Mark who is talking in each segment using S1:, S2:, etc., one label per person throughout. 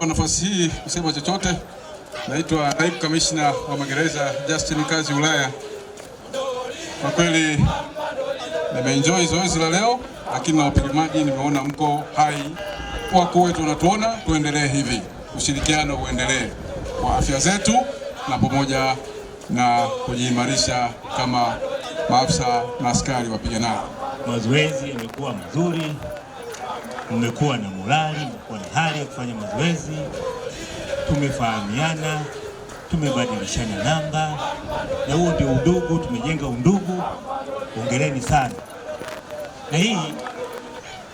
S1: Kwa nafasi hii kusema chochote, naitwa naibu kamishna wa magereza Justin Kazi Ulaya. Kwa kweli nimeenjoy zoezi la leo, lakini na wapiganaji nimeona mko hai, wako wetu wanatuona, tuendelee hivi, ushirikiano uendelee kwa afya zetu na pamoja na kujiimarisha kama maafisa na askari wapiganaji.
S2: Mazoezi yamekuwa mazuri, mmekuwa na morali hali ya kufanya mazoezi, tumefahamiana, tumebadilishana namba, na huo ndio udugu, tumejenga undugu. Hongereni sana, na hii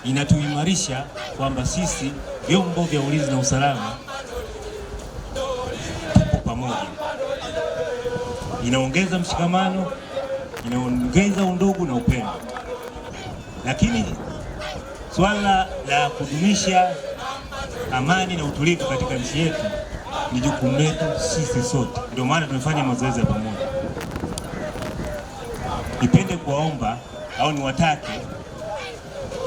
S2: inatuimarisha kwamba sisi vyombo vya ulinzi na usalama tupo pamoja. Inaongeza mshikamano, inaongeza undugu na upendo, lakini swala la kudumisha amani na utulivu katika nchi yetu ni jukumu letu sisi sote, ndio maana tumefanya mazoezi ya pamoja. Nipende kuwaomba au niwatake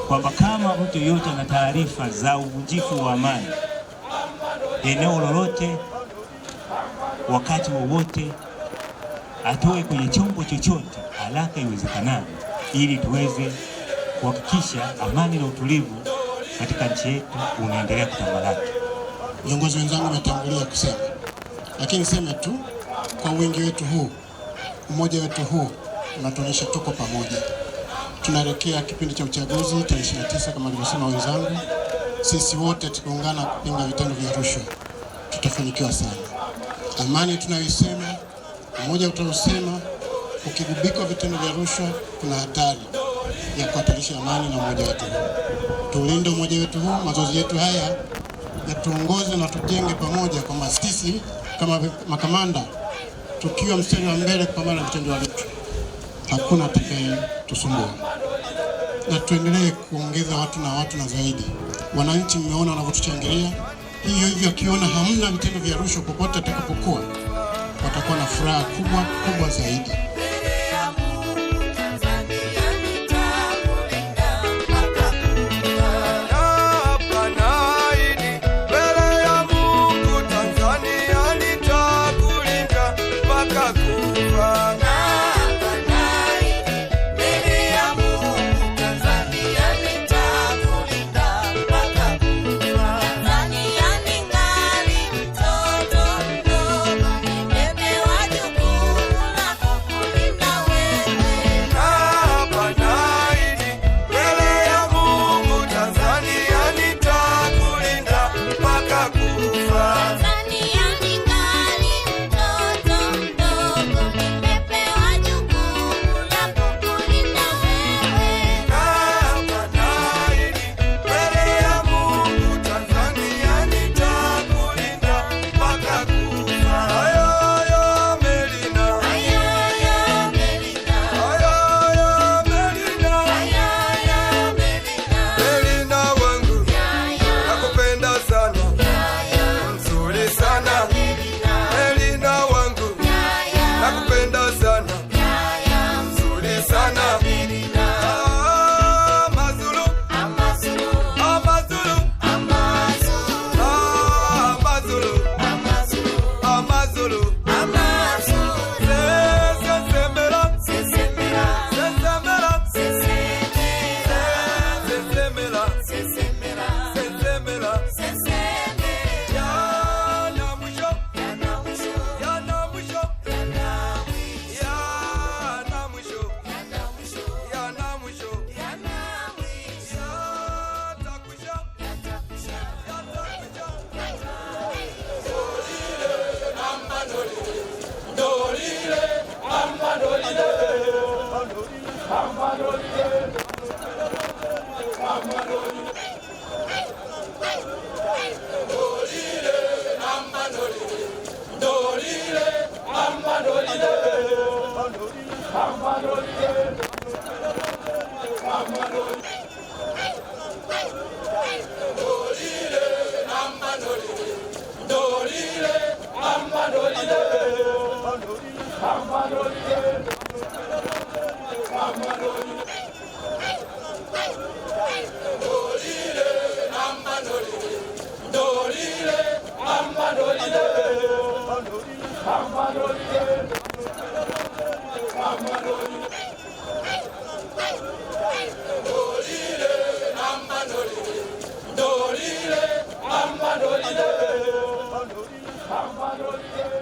S2: kwamba kama mtu yeyote ana taarifa za uvunjifu wa amani eneo lolote, wakati wowote, atoe kwenye chombo chochote haraka iwezekanavyo, ili tuweze kuhakikisha amani na utulivu katika nchi yetu unaendelea kutamalaki.
S3: Viongozi wenzangu wametangulia kusema, lakini sema tu kwa wingi wetu huu, umoja wetu huu unatuonyesha tuko pamoja. Tunaelekea kipindi cha uchaguzi tarehe 29 kama alivyosema wenzangu, sisi wote tukiungana kupinga vitendo vya rushwa tutafanikiwa sana. Amani tunayoisema, umoja utausema ukigubikwa vitendo vya rushwa kuna hatari ya kuhatarisha amani na umoja wetu. Tulinde umoja wetu huu, mazoezi yetu haya yatuongoze na tujenge pamoja, kwamba sisi kama makamanda tukiwa mstari wa mbele kupambana na vitendo vyetu, hakuna atakaye tusumbua, na tuendelee kuongeza watu na watu na zaidi. Wananchi mmeona wanavyotuchangilia, hiyo hivyo, akiona hamna vitendo vya rushwa popote atakapokuwa, watakuwa na furaha kubwa kubwa zaidi. Almanoliye! Alfa Romeo.